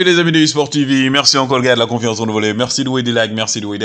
Et les amis de eSport TV, merci encore le gars de la confiance renouvelée. Merci de vous des merci de vous des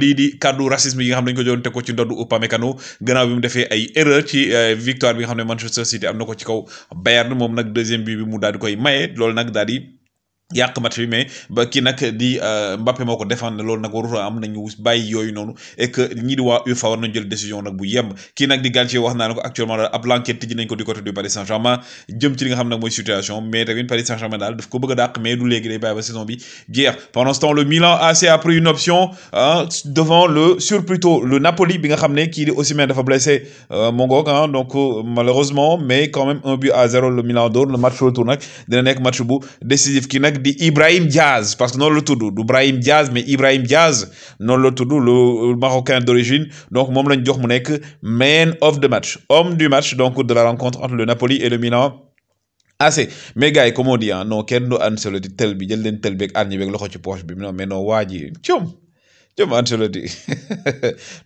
lii di kàddu racisme yi nga xam ne dañu ko jëloon teg ko ci ndoddu Upamecano gannaaw bi mu defee ay erreur ci euh, victoire bi nga xam ne Manchester City am na ko ci kaw Bayern moom nag deuxième bi bi mu daal di koy maye lool nag daal yàq match bi mais ba kii nag di euh, Mbappé moo ko défendre loolu nag waruta am nañu bàyyi yooyu noonu et que ñi di waa UEFA war nañu jël décision nag bu yemb kii nag di Galtier wax naa ne ko actuellement ab l'enquête tijji nañ ko du côté du Paris Saint-Germain jëm ci li nga xam nag mooy situation mais tamit Paris Saint-Germain daal daf ko bëgg a dàq mais du léegi day bàyyi ba saison bi jeex pendant ce temps le Milan AC a pris une option hein, devant le sur plutôt le Napoli bi nga xam ne kii di Osimhen dafa blessé euh, mongoog ah hein, donc euh, malheureusement mais quand même un but à zéro le Milan dóor le match retour nag dina nekk match bu décisif kii nag the Ibrahim Diaz parce que non le tout du Ibrahim Diaz mais Ibrahim Diaz non le doux le marocain d'origine donc mom lañ jox man of the match homme du match donc de la rencontre entre le Napoli et le Milan. assez mais gars comment comme on dit hein, non kenn tel bi tel mais non Jom Ancelotti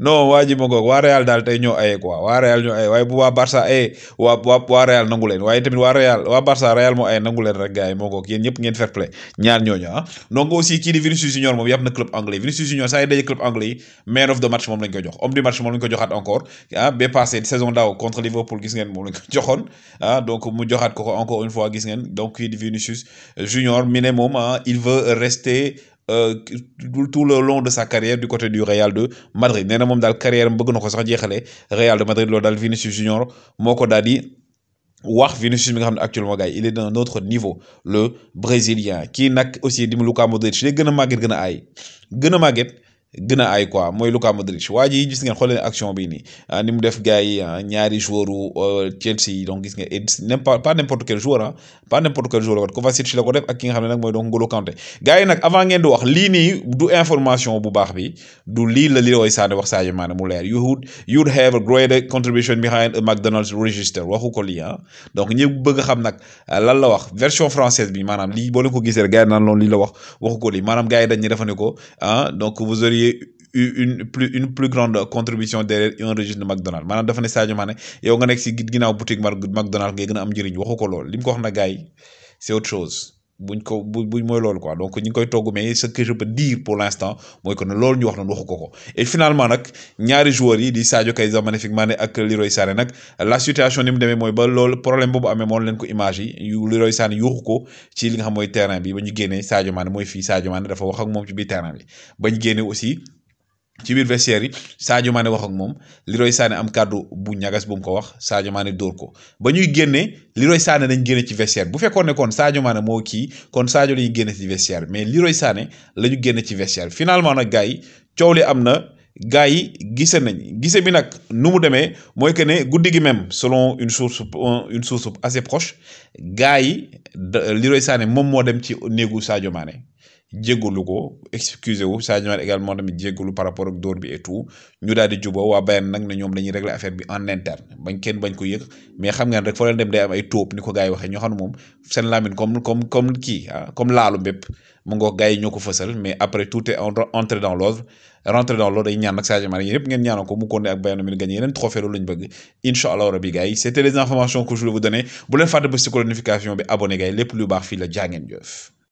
non waa ji ma ngoog Real dal tay ñoo aye quoi wa Real ñoo ay way bu wa Barça ay wa wa wa Real nangu leen tamit wa Real wa Barça Real mo ay nangu leen rek gars yi ma ngoog yéen ngeen fair play ñaar ñooñu ah donc aussi kii di Vinicius Junior mom yapp na club anglais Vinicius Junior ça yi daje club anglais man of the match mom lañ ko jox homme du match mom lañ ko joxat encore ah ba passé saison daw contre Liverpool gis ngeen mom lañ ko joxone ah donc mu joxat ko encore une fois gis ngeen donc kii di Vinicius Junior mi ne il veut rester euh, tout le long de sa carrière du côté du Real de Madrid Néna mom dal carrière am bëgg sax jeexalee Real de Madrid lo dal Vinicius Junior moko dal di wax Vinicius mi nga xam actuellement gars il est un autre niveau le brésilien qui nak aussi di Luka Modric léegi gën a màgget gën a gën a aay quoi mooy Luka Modric waa ji gis ngeen xool leen action bi nii ah, ni mu def gars yi ah, ñaari joueur u euh, Chelsea yi donc gis ngeen pas n'importe quel joueur ah pas n'importe quel joueur la Kovacic la ko def ak ki nga xam ne nag mooy donc Ngolo Kanté gars yi nag avant ngeen di wax lii nii du information bu baax bi du lii la li looy wax Sadio a greater a McDonald's register waxu ah. a xam nag lan wax version française maanaam lii boo ko gisee gars yi naan loolu lii la wax waxu ko lii maanaam gars yi dañ ñu defa y une plus une plus grande contribution derrière un registre de McDonald Maintenant, dafa ne Sadio Mané yow nga nekk si ginnaaw boutique McDonald ngay gën a am njëriñ waxu ko lool li mu ko wax na gars yi c'est autre chose buñ ko bu buñ mooy loolu quoi donc ñu ngi koy togg mais ce que je peux dire pour l' mooy que ne ñu wax noonu waxu ko ko et finalement nag ñaari joueurs yi di Sadio Kayza Magnifique Mané ak Leroy Sané nag la situation ni mu demee mooy ba lool problème boobu amee moom leen ko image yi yu Leroy Sané ci li nga xam mooy terrain bi ba ñu génnee Sadio Mané mooy fii Sadio Mané dafa wax ak moom ci biir terrain bi ba génnee aussi. ci biir vestiaire yi Sadio Mané wax ak moom Leroy Sané am kàddu bu ñagas bu mu ko wax saajo maane dóor ko ba ñuy génnee Leroy Sané dañ génne ci vestiaire bu fekkoon ne kon Sadio moo kii kon Sadio la ñu génne ci vestiaire mais Leroy Sané la ñu génne ci finalement na gars yi coow li am na gars yi gise nañ gise bi nag nu mu demee mooy que ne guddi gi même solon une source une source assez proche gars yi Leroy Sané moom moo dem ci néegu saajo maane jéggalu ko vous wu Sadio Mané également tamit jéggalu par rapport ak dóor bi et tout ñu daal di juboo waa Bayern nag ne ñoom dañuy régler affaire bi en interne bañ kenn bañ ko yëg mais xam ngeen rek fo leen dem day am ay tóob ni ko waxe yi ñoo xam mom sen lamine comme comme comme ki ah comme laalu mbépp mu ngoo gars ñoko fessel mais après tout est entré dans l'ordre rentré dans l'ordre yi ñaan ak Sadio Mané yéen yëpp ngeen ñaanal ko mu continuer ak Bayern mi gagné yenen trophée lu lañu bëgg inshallah allah rabbi gars c'était les informations que je voulais vous donner bu leen fatte bu si notification bi abonné gars lepp lu bax fi la jaa ngeen